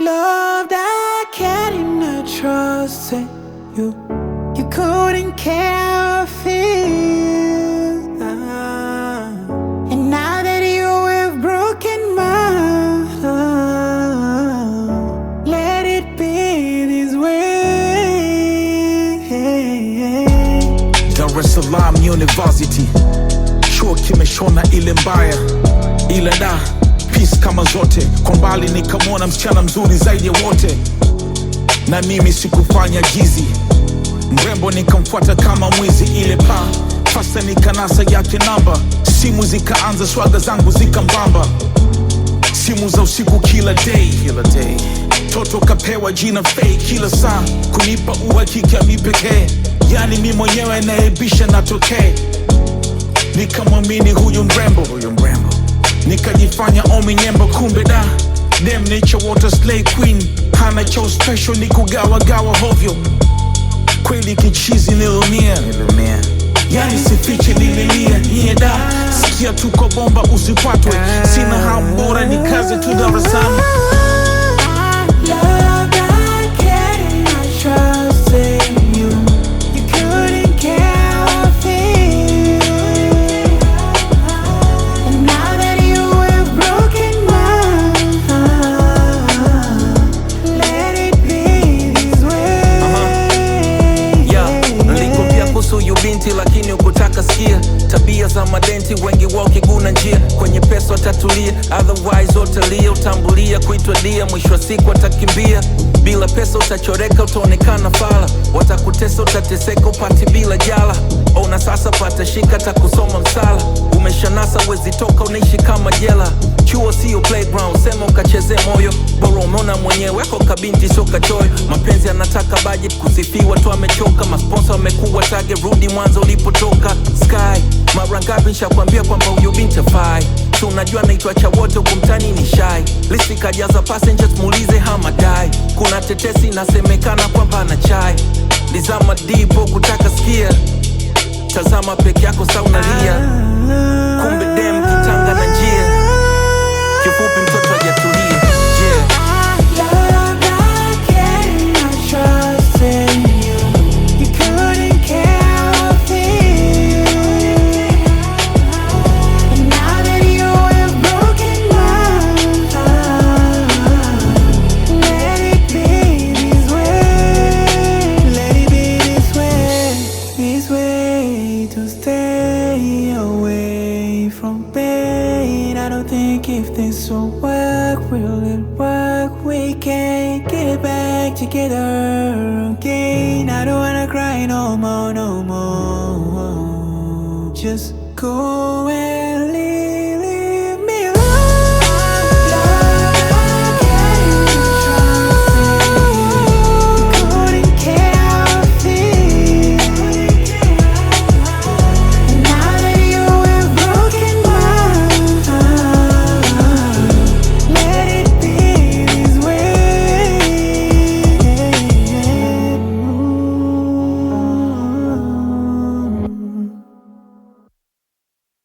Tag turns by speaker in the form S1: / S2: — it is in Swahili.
S1: love that cannot trust in you. You couldn't care if it. Uh, and now that you have broken my heart, let it be this way.
S2: Dar es Salaam University, chuo kimeshona ile mbaya, ile da peace kama zote. Kwa mbali nikamwona msichana mzuri zaidi ya wote, na mimi sikufanya jizi. Mrembo nikamfuata kama mwizi, ile pa fasta nikanasa yake namba, simu zikaanza, swaga zangu zikambamba, simu za usiku kila day, kila day. Toto kapewa jina fake kila saa, kunipa uhakika mi yani mi mwenyewe naebisha natokee, nikamwamini huyu mrembo, huyu mrembo nikajifanya omi nyemba kumbe da dem nature water slay queen, hana cha special ni kugawagawa hovyo. Kweli kichizi nilumia, yani sifiche nililia nye da, sikia tuko bomba usipatwe, sina hambora bora ni kazi tu darasani za madenti wengi wao kiguna njia, kwenye pesa watatulia, otherwise watalia, utambulia kuitwa dia, mwisho wa siku watakimbia. Bila pesa utachoreka, utaonekana fala, watakutesa, utateseka, upati bila jala. Ona sasa, patashika, takusoma msala, umeshanasa, wezi toka, unaishi kama jela. Chuo sio playground, sema ukacheze moyo, bora umeona mwenyewe, weko kabinti sio kachoyo. Mapenzi anataka budget, kusifiwa tu amechoka, masponsa wamekuwa tage rudi mwanzo ulipotoka. Sky mara ngapi nishakwambia kwamba huyu binti hafai? Tunajua naitwa cha wote kumtani ni shai. Lisi kajaza passengers, muulize hamadai. Kuna tetesi nasemekana kwamba ana chai. Lizama dipo kutaka skia, tazama peke yako saunalia
S1: to stay away from pain. I don't think if this will work, will it work? We can't get back together again. I don't wanna cry no more, no more. Just go away.